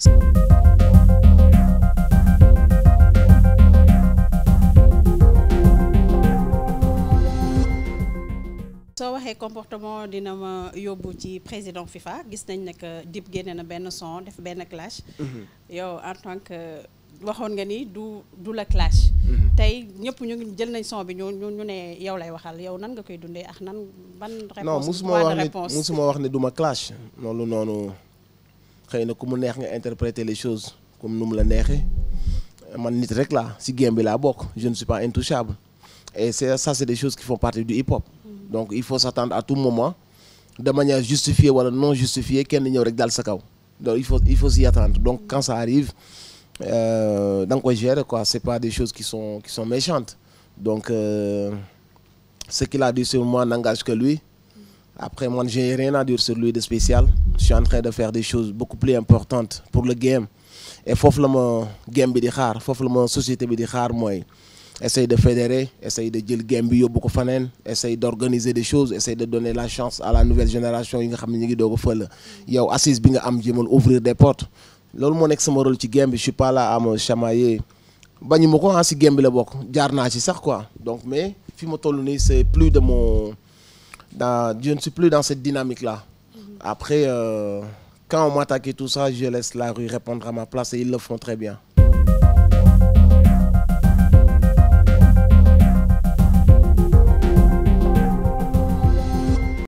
soo waxee comportement dina ma yóbbu ci président FIFA gis nañ ne que Dip génne na benn son def benn clash. Mm-hmm. yow en tant que waxoon nga ni du du la clash. Mm-hmm. tey ñëpp ñu ngi jël nañ son bi ñu ñu ñu ne yow lay waxal yow nan nga koy dundee ak nan ban. réponse non musuma wax ne musuma wax du ma clash. loolu noonu. na interpréter les choses comme la man nit rek je ne suis pas intouchable et ça c'est des choses qui font partie du hip hop donc il faut s'attendre à tout moment de manière justifiée ou non justifiée kenn ñëw rek dal sa kaw donc il faut il faut s'y attendre donc quand ça arrive euh, da quoi koy gérer quoi c'est pas des choses qui sont qui sont méchantes donc euh, ce qu'il a dit sur moi n'engage que lui après, moi, j'ai rien à dire sur lui de spécial. Je suis en train de faire des choses beaucoup plus importantes pour le game. Et faut que game bi di xaar foofu la société bi di xaar essaye de fédérer essaye de le game bi beaucoup ko essaye d'organiser des choses essaye de donner la chance à la nouvelle génération yi nga ngi a fël yow assise bi nga am jëmal ouvrir des portes C'est mon nekk sama rôle ci game je je suis pas là à me chamailler bañu ma ko ah si game bi la bokk suis naa ci sax quoi donc mais fi ma toll c'est plus de mon je ne suis plus dans cette dynamique-là. Après, euh, quand on m'attaque tout ça, je laisse la rue répondre à ma place et ils le font très bien.